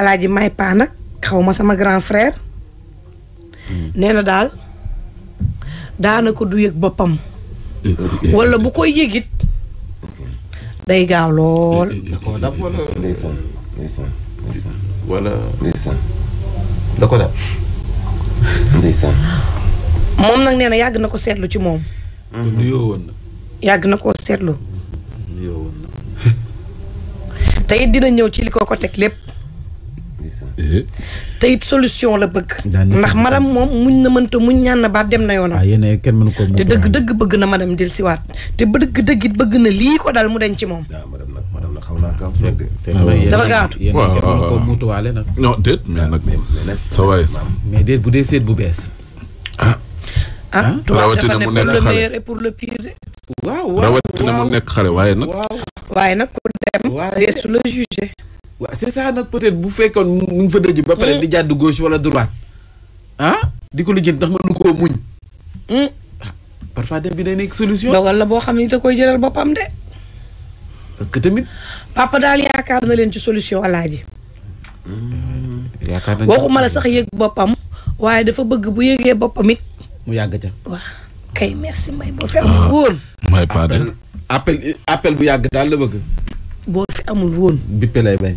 alaaji may paa nag xaw ma sama grand frère. Hmm. nee na daal daanaka du yëg boppam. wala bu koy yëgit day gaaw lool. da moom nag nee yàgg na ko seetlu ci moom. yàgg na koo seetlu. tey dina ñëw ci li ko ko teg lépp eh? teyit solution la bëgg ndax madame moom muñ na mënta muñ ñaan na baat dem na yoonam ah, te dëgg dëgg bëgg na madame del siwaat te ba dëgg dëggit bëgg na lii ko dal mu den ci moom ah, dafa gaatu ko muutuwaale nag non ah, mais nag mais déet bu dee seet bu bees ah ah pour le meilleur et pour rawatina mu nekk xale waaye nag waaye dem. waaye su la jugé. waaw c'est ça nag peut bu fekkoon mu ngi fa dëj ba pare mm. di jàdd gauche wala droite ah di ko lijjanti ndax mënu koo muñ. Mm. Ah, parfois dem bi day nekk solution. dogal la boo xam ni da koy jëlal boppam de. parce que tamit. papa daal yaakaar na leen ci solution alaaji. yaakaar nañu waxuma la sax yëg boppam. waaye dafa bëgg bu yëgee boppam it. mu yàgg ca. waaw kay merci may ba fekk woon. may appel appel bu yàgg daal la bëgg. boo fi amul woon. bippe lay bañ.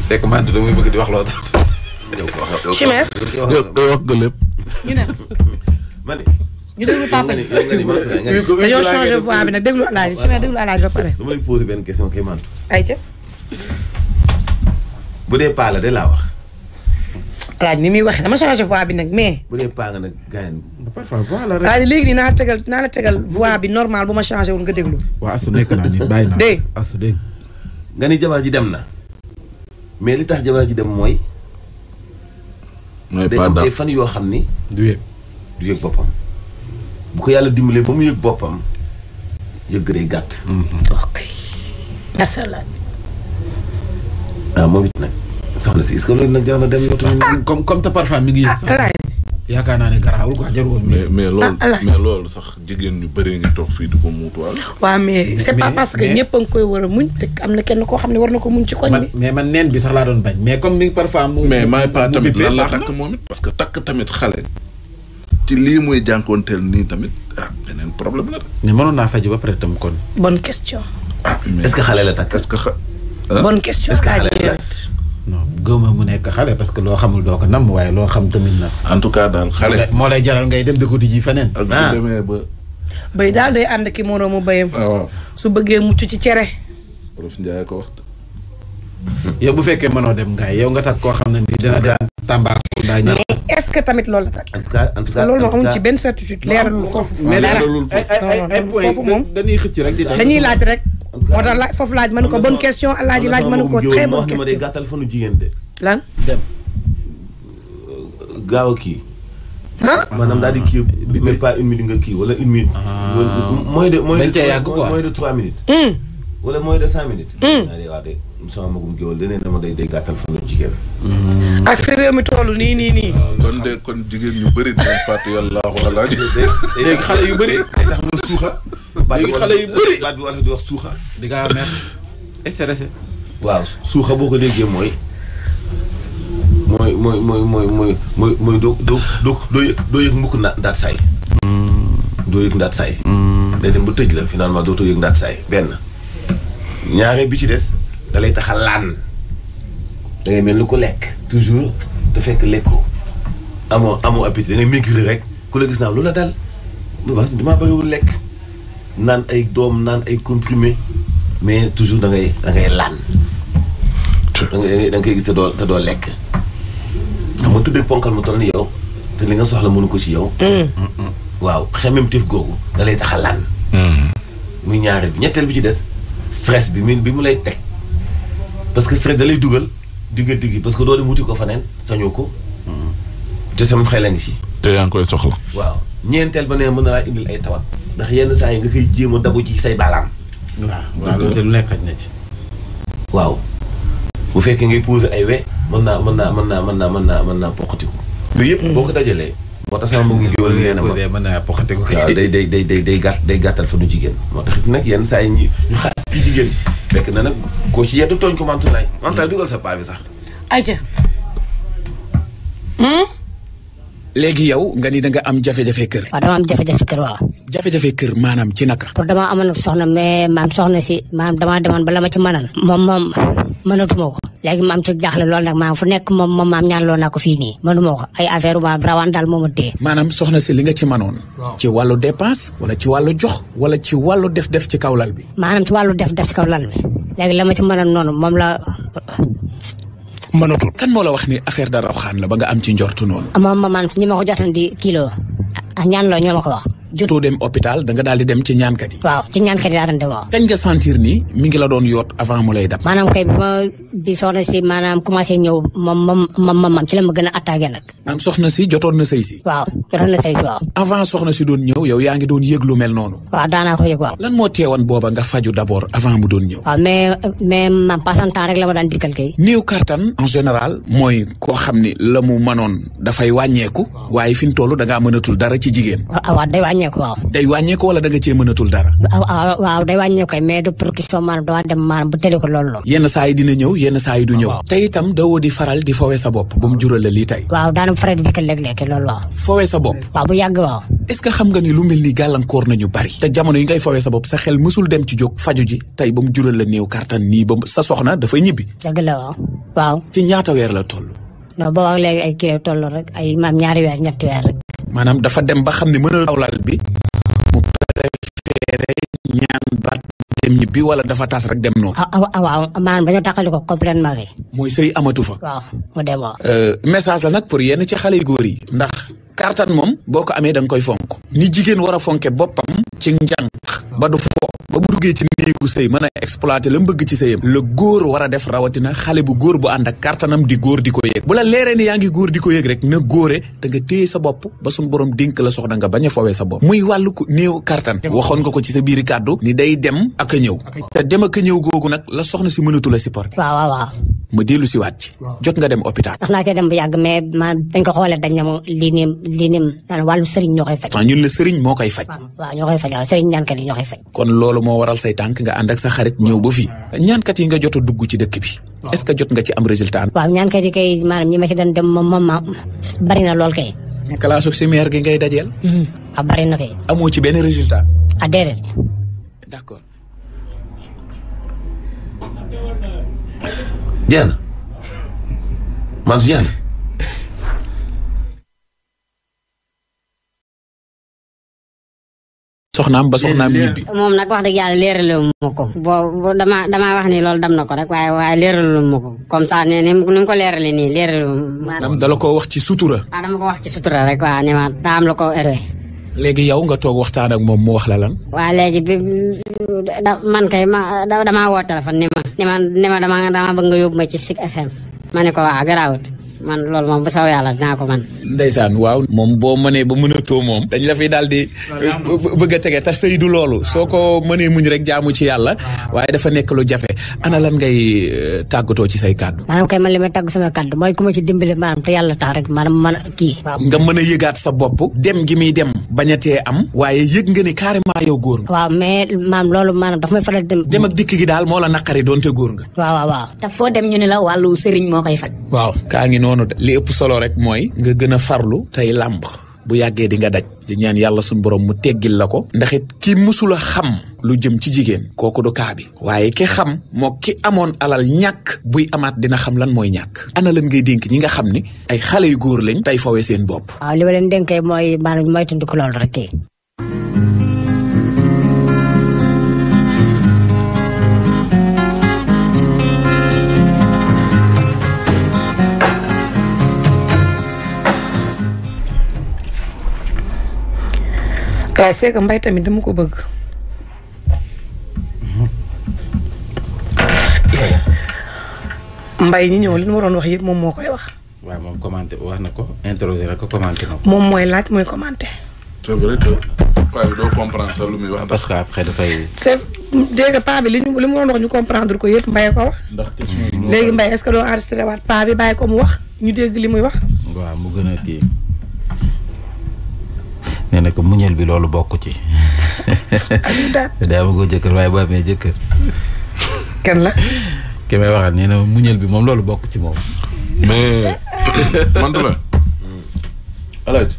c'est que man damay bëgg di wax loo tax. chimère. doo wax nga lépp. ñu ne. ma ne. ñu déglu papa ji dañoo changé voix bi nag déglu alaaji chimère benn question kay mantu. ayca. bu dee paa la laa wax. laaj ni muy waxee dama changé voix bi nag mais. bu dee paa nga nag gaañ naa la tegal naa tegal voix bi normal bu ma changé woon nga déglu. waaw asu nekk naa nit bàyyi nga ni jabar ji dem na. mais li tax jabar ji dem mooy. mooy paa day yoo xam ni. du bu ko yàlla dimbalee ba mu yëg boppam. yëg day gàtt. ok. Ah, moom it nag. soxla si est-ce que loolu nag jar na dem yow. Ah, comme ah, naa ne garaawul quoi jarul woon. mais mais loolu ah, mais loolu sax jigéen ñu bëri nga toog fii di ko muutuwaal. waaw mais c'est pas parce que ñëpp a ngi koy war muñ te am na kenn koo xam ne war na ko muñ ci koñ mais man neen bi sax laa doon bañ mais comme ni parfois mu. mais maay pas tamit lan la takk moom it. parce que takk tamit xale. ci lii muy jànkoonteel nii tamit ah beneen problème la de. mais mënoon naa faj ba pare tam kon. bonne question. ah que xale la takk. est-ce que xa. bonne non gëwma mu nekk xale parce que loo xamul doo ko namm waaye loo xam tamit na. en tout cas daal xale. moo lay jaral ngay dem di ji feneen. ak bu ah. demee ba. béy daal day ànd ki moroomu béyam. Ah, waaw su bëggee mucc ci cere. prof Ndiaye ko wax. yow bu fekkee mënoo dem ngaay yow nga takk koo xam ne nii dina daan Tambacounda ñëw. mais est-ce que tamit lool la takk. en tout cas en tout ci benn certitude. leeralul foofu mais leeralul foofu ay ay ay xëcc rek di dañuy laaj rek. moo tax laaj foofu laaj ma ne ko bonne question alaaji laaj ma ne ko très bonne question day gàttal fanu jigéen de euh, gaaw a kii ah maanaam daal di kii bi même pas une minute nga kii wala une minute ah. mooy de mooy de trois minutes hmm. wala mooy de cinq minutes hmm. sama magum géwël danañ ne ma day day gàttal fanu jigéen. Mm-hmm. ak fi mi toll nii nii nii. Ah, kon de kon jigéen ñu bëri dinañ fàtte xale yu bëri. day tax nga xale yu bëri baat bi wàllu di wax suuxa. di suuxa boo ko déggee mooy. mooy mooy mooy mooy mooy mooy mooy doo doo doo doo mm-hmm. mm-hmm. dem ba tëj la finalement dootoo yëg ndaat saay benn. ñaare bi ci des. da lay tax mel ni ku lekk toujours te fekk lekkoo amoo amoo appétit da ngay rek ku la gis naa lu la dal wax damaa bëriwul lekk naan ay doom naan ay comprimé mais toujours da ngay da ngay laan. da ngay da ngay gis te doo lekk. xam nga tëddee ponkal mu toll ni yow te li nga soxla mënu ko ci yow. Mm. waaw xemem tif googu da lay tax a laan. Mm. muy ñaareel bi ñetteel bi ci des stress bi mi bi mu lay teg. parce que stress da lay dugal diggante gi parce que doo dem wuti ko faneen sañoo ko. te sama xel a ngi si. te yaa ngi koy soxla. waaw ñeenteel ba nee mën na laa indil ay tawat. ndax yenn saa yi nga koy jéem a dabu ji say baalaam. waaw loolu lu nekk xaj na ci. waaw bu fekkee ngay poser ay we. mën naa mën naa mën naa mën naa mën naa mën naa poqati ko. yooyu yëpp boo ko dajalee. moo tax sama mbokku jiwal nee na ma waaw day day day day day gàtt day gàttal fa nu jigéen moo tax nag yenn saa yi ñu ñu ci jigéen fekk na nag koo ci yedd tooñ ko mantu naay mantal dugal sa paa bi sax aja hmm? léegi yow nga ni da am jafe-jafe kër. waaw dama am jafe-jafe kër maanaam ci naka. pour dama amoon soxna mais maam soxna si maam damaa demoon ba la ma ci mënal. moom moom mënatuma ko. léegi ma am ci jaaxle lool nag maam fu nekk moom moom maam ñaan loo naa ko fii nii mënuma ko ay affaire maam rawaan daal moo ma dee maanaam soxna si li nga ci manoon ci wàllu dépense wala ci wàllu jox wala ci wàllu def-def ci kaw lal bi maanaam ci wàllu def-def ci kaw lal bi léegi la ma ci mënoon noonu moom la mënatul kan moo la wax ni affaire da rawxaan la ba nga am ci njortu noonu moom ma man ñi ma ko jotoon di kilo ak ñaan loo ñoo ma ko wax jotoo dem hôpital da nga daal di dem ci ñaankat yi waaw ci ñaankat yi laa doon dem waaw kañ ngi la doon yoot avant mu lay dab ma bi soxna si maanaam commencé ñëw moom moom moom moom ci la ma gën a attaqué nag soxna si jotoon na sëy si waaw jotoon na sëy si waaw avant soxna si doon ñëw yow yaa ngi doon yëg lu mel noonu waaw daanaa ko yëg waaw lan moo teewoon booba nga faju d'abord avant mu doon ñëw waaw mais mais man passantan rek la ma daan dikkal kay néew kattan en général mooy koo xam ni la mu mënoon dafay wàññeeku waaye fi mu toll da mënatul dara ci jigéen wàññeeku waaw. day wàññeeku wala da nga cee dara. waaw waaw day wàññeeku mais du production maanaam dama dem maanaam bu tële ko loolu loolu. yenn saa dina ñëw yenn saa du ñëw. te itam dawoo di faral di fowe sa bopp bu jural la lii tey. waaw daanam faral di dikkal léeg-léeg waaw. fowe sa bopp. waaw bu yàgg waaw. est xam nga ni lu mel ni gàllankoor nañu bari. te jamono yi ngay fowe sa bopp sa xel mësul dem ci jóg faju ji tey ba jural la néew kartan nii ba sa soxna dafay ñibbi. dëgg la waaw waaw. la toll. non boobaag léegi ay kii toll rek maanaam dafa dem ba xam ne mënal lawlal bi mu préféré ñaan baat dem ñibbi wala dafa tas rek dem noonu. ah, ah waaw maanaam dañoo tàqali ko complètement bi. mooy sëy amatu fa. waaw mu dem euh, message la nag pour yenn ci xale yu góor yi ndax kartan moom boo ko amee da koy fonk. ni jigéen war a fonke boppam ci njàng ba du ba bu duggee ci néegu sëy mën a exploiter la mu ci sëyam la góor war a def rawatina xale bu góor bu ànd a kartanam di góor di ko yëg bu la leeree ne yaa ngi góor di ko yëg rek na góore da nga téye sa bopp ba suñ borom dénk la soxna nga bañ a sa bopp muy wàllu néew kartan waxoon nga ko ci sa biiri kàddu ni day dem ak a ñëw te dem ak a ñëw googu nag la soxna si mënatu la supporter waaw waaw waaw ma dellu si waat ci jot nga dem hôpital ndax naa cee dem bu yàgg mais ma dañ ko xoolee dañ ne ma lii nii moo koy faj waaw ñoo koy faj waaw sëriñ moo waral say tànk nga ànd ak sa xarit ñëw ba fi ñaankat yi nga jot a dugg ci dëkk bi est que jot nga ci am résultat waaw ñaankat yi kay maanaam ñi ma ci doon dem ma bari na lool kay kalaasu simière gi ngay dajeel hmm, a bari na amoo ci benn résultat a ah, déedéet d'accord man jeex soxnaam ba soxnaam ñibbi. moom nag wax dëgg yàlla leeralawu ma ko. boo damaa damaa wax nii loolu dam na ko rek waaye waaye leeralawu ma ko comme ça ne ni ko leeralee nii leeralawu ma. maanaam dala ko wax ci sutura. waaw ah, dama ko wax ci sutura rek waaw ne ma la ko léegi yow nga toog waxtaan ak moom mu wax la lan. waa léegi bi man kay ma damaa woo téléphone ni ma. ni ma ni ma dama bëgg nga yóbbu ma ci Zik FM. ma ne ko waa garaawut. man loolu moom bu saw yàlla dinaa ko man ndeysaan waaw moom boo ba mënatoo moom dañ la fi daal di bëgg a tege te sëy du loolu soo ko mënee muñ rek jaamu ci yàlla waaye dafa nekk lu jafe ana lan ngay euh, tàggatoo ci say kàddu maanaam kay man li may tàgg sama kàddu mooy ku ma ci dimbale maanaam te yàlla tax rek maanaam man kii nga mën a yëgaat sa bopp dem gi muy dem bañ a am waaye yëg nga ni carrément yow góor nga waaw mais maam loolu maanaam dafa may faral dem dem ak dikk gi daal moo la naqari doonte góor nga waaw waaw waaw te foo dem ñu la wàllu noonu li ëpp solo rek mooy nga gën a farlu tey làmb bu yàggee di nga daj di ñaan yàlla suñu borom mu teggil la ko ndaxit it ki musula xam lu jëm ci jigéen kooku du kaa bi waaye ki xam moo ki amoon alal ñàkk buy amaat dina xam lan mooy ñàkk ana lan ngay dénk ñi nga xam ni ay xale yu góor lañ tey fowee seen bopp waaw li ma leen dénkee mooy maanaam moytandiku loolu rek waaye c'est que mbay tamit dama ko bëgg. mbay ñi ñëw li ñu waroon wax yëpp moom moo koy wax. waaw moom commenté wax na ko interroger na ko commenté moom mooy laaj mooy commenté. c'est vrai lu muy wax. parce que après dafay. c'est dégg nga paa bi li ñu li mu waroon wax ñu comprendre ko yëpp mbay ko wax. ndax question yi léegi mbay est-ce que doo enregistré waat paa bi bàyyi ko mu wax ñu dégg li muy wax. waaw mu gën a kii. nee na ko muñal bi loolu bokk ci. daa bëggoo jëkkër waaye boo amee jëkkër. kan la. ki may waxaat nee na muñal bi moom loolu bokk ci moom. mais mantu la. Alaaji.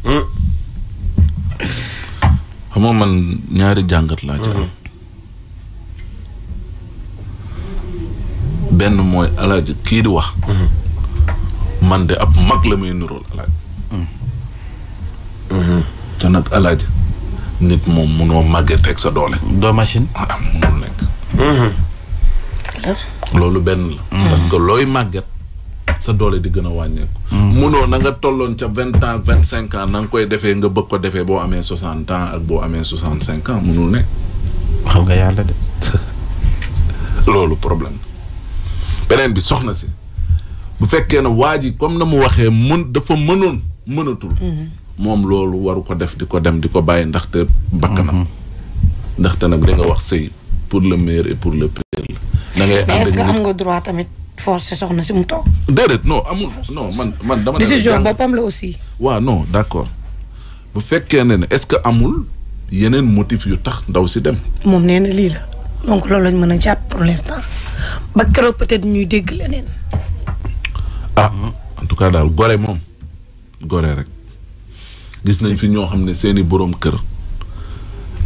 Hmm. man ñaari jàngat laa am. Hmm. benn mooy Alaaji kii di wax. Hmm. man de ab mag la may nuróol Alaaji. te nag alaaji nit moom munoo màgget ak sa doole. doo machine. ah mun nekk. Mm-hmm. loolu benn la. Mm-hmm. parce que looy màgget sa doole di gën a wàññeeku. Mm-hmm. munoo na nga tolloon ca vingt ans vingt cinq ans na nga koy defee nga bëgg ko defee boo amee soixante ans ak boo amee soixante cinq ans munul nekk. xam nga yàlla de. loolu problème beneen bi soxna si bu fekkee ne waa ji comme na mu waxee mun dafa mënoon mënatul. moom loolu waru ko def di ko dem di ko bàyyi ndaxte bakkanam mhm. ndaxte nag da wax sëy pour le meilleur et pour le pire la da ngay mais est am nga droit tamit forcé soxna si mu toog déedéet non amul ah, non man man dama décision boppam la aussi waaw non d'accord bu fekkee ne ne est-ce que amul yeneen motif yu tax ndaw si dem moom nee na lii la donc loolu lañ mën a jàpp pour l'instant ba keroog peut-être ñuy dégg leneen ah en tout cas daal gore moom gore rek gis nañ fi ñoo xam ne seen i boroom kër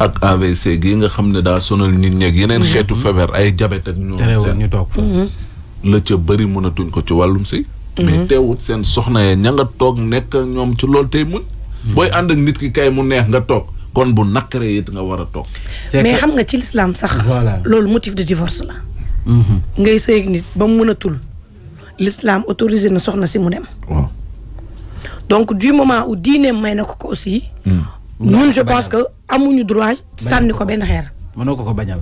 ak AVC gii nga xam ne daa sonal nit ñeeg yeneen mhm. xeetu feebar ay jabet ak ñoom seen ñu toog mhm. la ca bëri mënatuñ ko ci wàllum si mhm. mais teewut seen soxna ya ña nga toog nekk ñoom ci loolu tey muñ booy ànd ak nit ki kay mu neex nga toog kon bu nakkaree it nga war a toog mais xam nga ci lislaam sax loolu motif de divorce la ngay sëy nit ba mu mënatul lislaam autorisé na soxna si mu dem donc du moment où diine may na ko ko aussi. Hmm. ñun je pense que amuñu droit sànni ko benn xeer. mënoo ko ko bañal.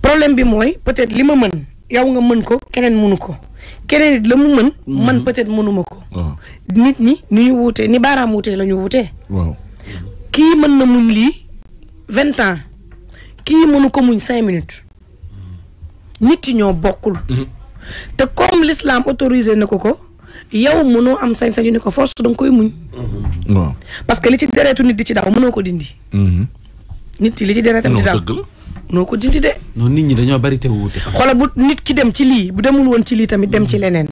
problème bi mooy peut-être li ma mën yow nga mën ko keneen mënu ko keneen it la mu mën. Hmm. man peut-être mënuma ko. nit ñi ni ñu wuutee ni baaraam wuutee la ñu wuutee. kii mën na muñ lii vingt ans kii mënu ko muñ cinq minutes nit yi ñoo bokkul. Hmm. te comme l'islam autorisé na ko ko. yow mënoo am sañ-sañu ni ko force danga koy muñ. Mm-hmm. waaw parce que li ci deretu nit di ci daw mënoo ko dindi. Mm-hmm. nit yi li ci deretam di daw noo ko dindi de. ñi dañoo bari te wuute. xoolal bu nit ki dem ci lii bu demul woon ci lii tamit dem ci mm-hmm. leneen.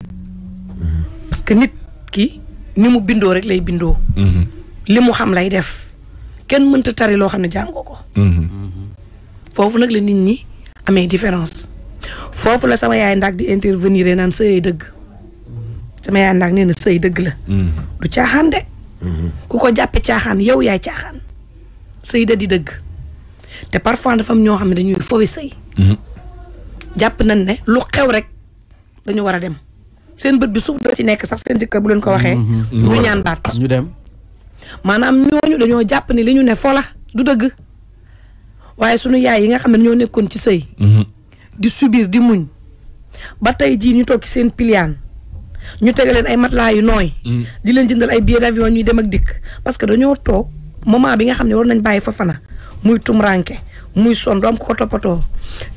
parce que nit ki ni mu bindoo rek lay bindoo. li mu xam lay def kenn mënta tari loo xam ne jàngoo ko. foofu nag la nit ñi amee différence. foofu la sama yaay ndax di intervenir naan sëy dëgg. sama yaay nag nee na sëy dëgg la. Mm-hmm. du caaxaan de. Mm-hmm. ku ko jàppe caaxaan yow yaay caaxaan. sëy da di dëgg. te parfois dafa am ñoo xam ne dañuy fowe sëy. Mm-hmm. jàpp nañ ne lu xew rek dañu war a dem. seen bët bi suuf da ci nekk sax seen jëkkër bu leen ko waxee. ñu ñaan baat ñu dem. maanaam ñooñu dañoo jàpp ni li ñu ne fola la du dëgg. waaye sunu yaay yi nga xam ne ñoo nekkoon ci sëy. di subir di muñ. ba tey jii ñu toog seen piliyaan. ñu tege leen ay matelas yu nooy. Mm. di leen jëndal ay billets d'avion ñuy dem ak dikk. parce que dañoo toog moment bi nga xam ne war nañ bàyyi Fofana muy tumranke muy son doom ko ko toppatoo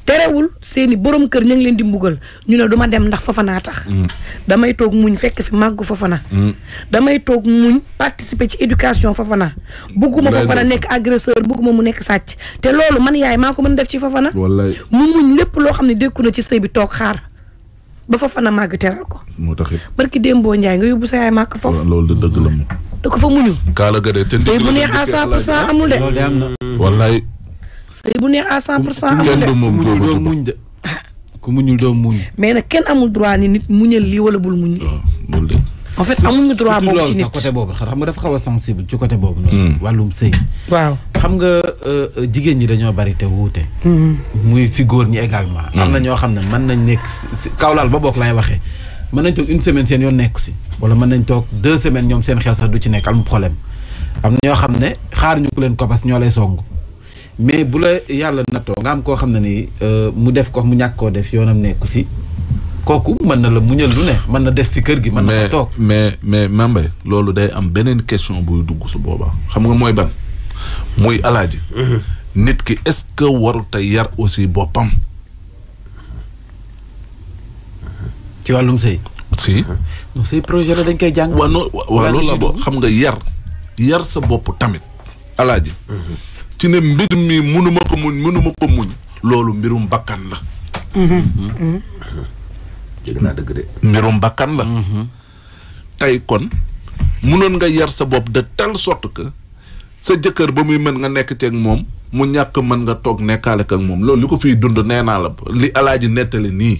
terewul seeni borom kër ñu leen di mbugal ñu ne duma dem ndax Fofana tax. Mm. damay toog muñ fekk fi màggu Fofana. Mm. damay toog muñ participer ci éducation Fofana. bugguma Fofana nekk agresseur bugguma mu nekk sàcc. te loolu man yaay maa ko mën def ci Fofana. mu muñ lépp loo xam ne dékku na ci sëy bi toog xaar. ba fa fan a ko. moo tax it barki Dembo Ndiaye nga yóbbu sa yaay màgg foofu. loolu de dëgg la da ko fa muñu. kaala ga de te sëy neex à cent pour cent amul de. loolu de am na. wallaay. bu neex à cent pour cent amul de muñul doo mu de. doo muñ. mais nag kenn amul droit ni nit mu muñal lii wala bul muñ. en fait amuñu droit boobu ci nit côté boobu xam nga dafa xaw a sensible ci côté boobu noonu hmm. wàllum sëy waaw xam nga euh, euh, jigéen ñi dañoo bari te wuute hmm. muy si góor ñi également am na hmm. ñoo xam ne mën nañ nekk kawlaal ba boog lay waxee mën nañ toog une semaine seen yoon nekku si wala mën nañ toog deux semaine ñoom seen xel sax du ci nekk am problème am na ñoo xam ne xaar ñu ko leen ko bas ñoo lay song mais bu la yàlla nattoo nga am koo xam ne nii euh, mu def ko mu ñàkk koo def yoonam nekku si kooku mën na la muñal lu ne mën na des ci kër gi. mën na ko toog mais mais mais Mbaye loolu day am beneen question buy dugg su boobaa xam nga mooy ban muy alaaji. Mhm. nit ki est-ce que warut a yar aussi boppam. ci wàllum sëy. si. non sëy projet la dañ koy jàng. waaw non waaw loolu xam nga yar. yar sa bopp tamit. alaaji. Mhm. ci ne mbir mi mënuma ko muñ mënuma ko muñ. loolu mbirum bakkan la. Mhm. jégg naa dëgg de. mbirum bakkan la. Mhm. tey kon munoon nga yar sa bopp de tal sorte que sa jëkkër ba muy mën nga nekk ceeg moom mu ñàkk mën nga toog nekkaale ak moom loolu li ko fiy dund nee naa la li alaaji nettali nii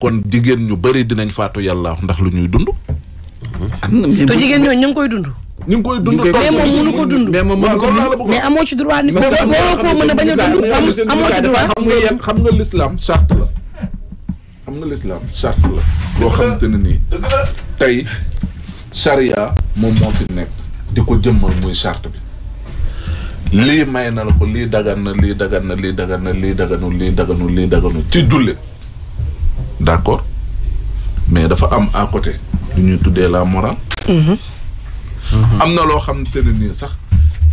kon jigéen ñu bari dinañ faatu yàlla ndax lu ñuy dund. am na te jigéen ñooñu ñu ngi koy dund. ñu ngi koy dund mais moom mënu ko dund. mais moom mënu ko dund mais amoo ci droit ni. ko mën a bañ a dund amoo ci droit. nga yéen xam nga l'islam charte la. xam nga l'islam la loo xamante ne nii tey charia moom moo fi nekk di ko jëmmal muy charte bi lii may na la ko lii dagan lii dagan na lii dagan lii daganul lii daganul lii daganul ci jullit d'accord mais dafa am à côté lu ñuy tuddee la moraam mhm. mm-hmm. am na loo xam ne nii sax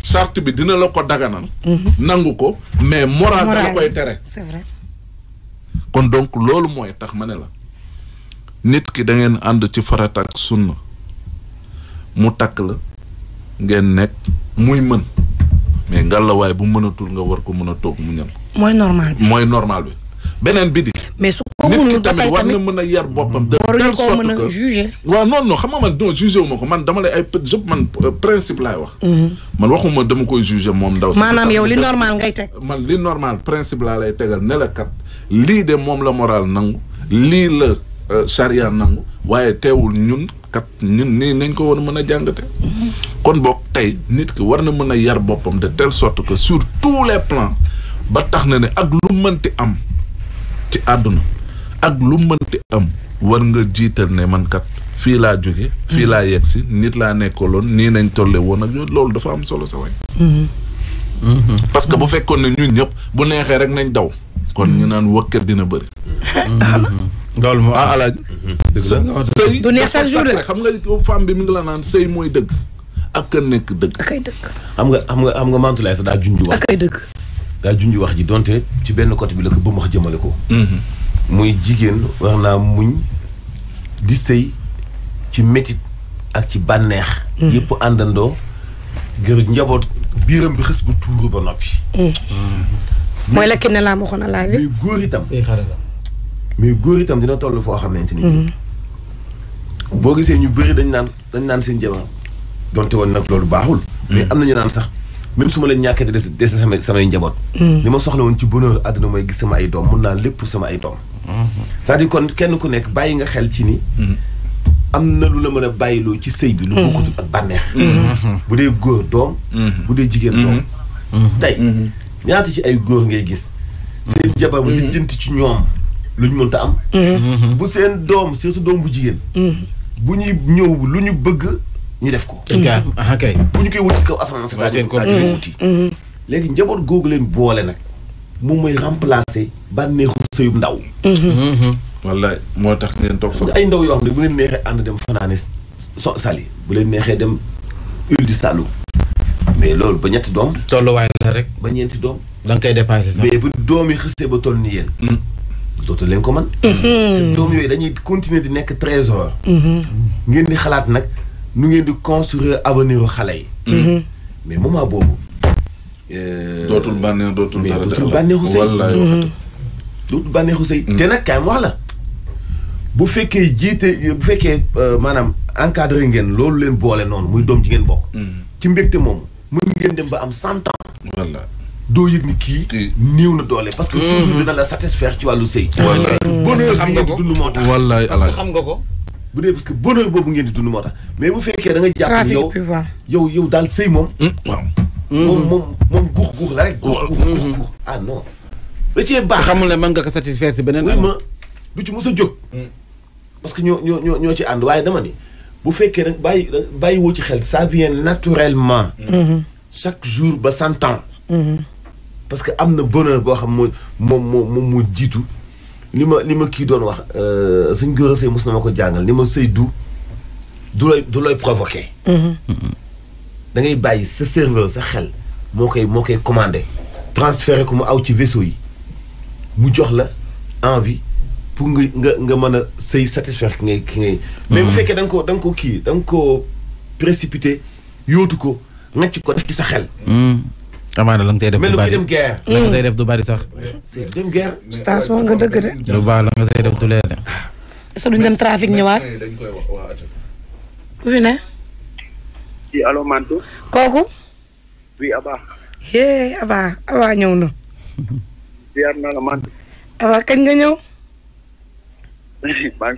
charte bi dina la ko daganal mhm. nangu ko mais morale la koy tere kon donc loolu mooy tax ma ne la nit ki da ngeen ànd ci farata ak sunna mu takk la ngeen nekk muy mën mais ngàllawaay bu mënatul nga war ko mën a toog mu ñal mooy normal bi mooy normal bi beneen bi di mais su ko mënul ba tamit war na mën a yar boppam. de telle sorte que xam nga man non jugé ma ko man dama lay ay jub man euh, principe laay wax. Mhm. man waxuma dama koy jugé moom ndaw. maanaam yow li normal ngay teg. man li normal principe laa lay tegal ne kat lii de moom la moral nangu lii la euh, charia nangu waaye teewul ñun kat ñun nii nañ ko war a mën a jàngate. Mhm. kon boog tey nit ki war na mën a yar boppam de telle sorte que sur tous les plans ba tax na ne ak lu mënti am. ci àdduna ak lu mënti am war nga jiital ne mankat fii laa jóge fii laa yegg si nit laa nekkaloon nii nañ tolle woon ak loolu dafa am solo sa waay parce que bu fekkoon ne ñu ñëpp bu neexee rek nañ daw kon ñu naan wëkkat dina bëri loolu moo ah alaaj sëy du neex chaque jour xam nga femme bi mi ngi la naan sëy mooy dëgg ak a nekk dëgg ay dëgg xam nga xam nga xam nga Mame Toulaye sax daa junjuwaat akay dëgg daa junj wax ji donte ci benn côté bi la ko ba wax jëmale ko. muy jigéen war naa muñ di sëy ci métit ak ci bànneex. Mm. yëpp àndandoo gër njaboot biiram bi xës bu tuuru ba noppi. Mm. Mm. mooy la kenn laa waxoon laa mais góor itam mais góor itam dina toll foo xamante ni. boo gisee ñu bëri dañ naan dañ naan seen jabar donte woon nag loolu baaxul. mais am na ñu naan sax. même su ma leen ñàkkee des des samay samay njaboot. Mm. li ma soxla woon ci bonheur àdduna mooy gis sama ay doom mun naa lépp sama ay doom. Mm-hmm. cest à kon kenn ku nekk bàyyi nga xel ci ni. Mm. am na lu la mën a bàyyiloo ci sëy bi. lu mm-hmm. bokkut ak bànneex. Mm-hmm. bu dee góor doom. bu dee jigéen doom. tey ñaata ci ay góor ngay gis. seen jabar li jënt ci ñoom lu ñu mënta am. bu seen doom surtout doom bu jigéen. bu ñuy ñëw lu ñu bëgg. ñu def ko. kay bu ñu koy wuti kaw asamaan c' est à dire dañu koy wuti. Mm-hmm. léegi njaboot googu leen boole nag moom mooy remplacer bànneexu sëyub ndaw. Mm-hmm. Mm-hmm. wala moo tax ngeen toog fa. ay ndaw yoo xam ne bu leen neexee ànd so sali bu leen neexee dem Île du Saloum mais loolu ba ñetti doom. tolluwaay la rek. ba ñeenti doom. da nga koy dépassé sax mais bu doom xësee ba toll ni yéen. Mm. dootu leen ko man te doom yooyu dañuy continuer di nekk trésor. ngeen di xalaat nag. nu ngeen di construire avenir xale yi. Mhm. mais moment boobu. Euh, dootul bànneex dootul dara mhm. dootul bànneexu sëy dootul bànneexu sëy te nag kaay wax la bu fekkee jiite bu fekkee euh, maanaam encadré ngeen loolu leen boole noonu muy doom ji ngeen bokk. Mhm. ci mbégte moom mën ngeen dem ba am cent ans. voilà doo yëg ni kii. néew na doole parce que toujours dina la satisfaire ci wàllu sëy. wallaay moo tax wallaay alaay xam nga ko. bu dee parce que bonheur boobu ngeen di dund moo tax mais bu fekkee da nga jàpp yow yow yow daal sëy moom. Hmm, waaw hmm. moom moom moom guux guux la rek. guux guux hmm. guux ah non. da cee ne mën nga ko satisfaire si beneen. ma du ci mos a jóg. parce que ñoo ñoo ñoo ci ànd waaye dama ni bu fekkee nag bàyyi bàyyi ci xel ça vient naturellement. chaque jour ba cent ans. parce que am na bonheur boo xam moo moom moo moo jiitu. li ma li ma kii doon wax euh, suñ góor a sëy mos na ma ko jàngal ni ma sëy du du looy du looy provoqué. Mhm. da ngay bàyyi sa serveur sa xel moo koy moo koy commandé. transféré ko mu aw ci vaisseau yi mu jox la envie pour nga nga nga mën a sëy satisfaire ki ngay ki ngay. Mhm. mais bu fekkee da ko danga nga ko kii da nga ko précipité yóotu ko ngacc ko def ci sa xel. Mhm. amaana la nga say def. melu def du bari sax. dem guerre. station nga dëgg de. lu baax la nga say def du leer de. est trafic ñëwaat. ku fi ne. kooku. oui Aba. yee Aba ñëw na. ziar kañ nga ñëw.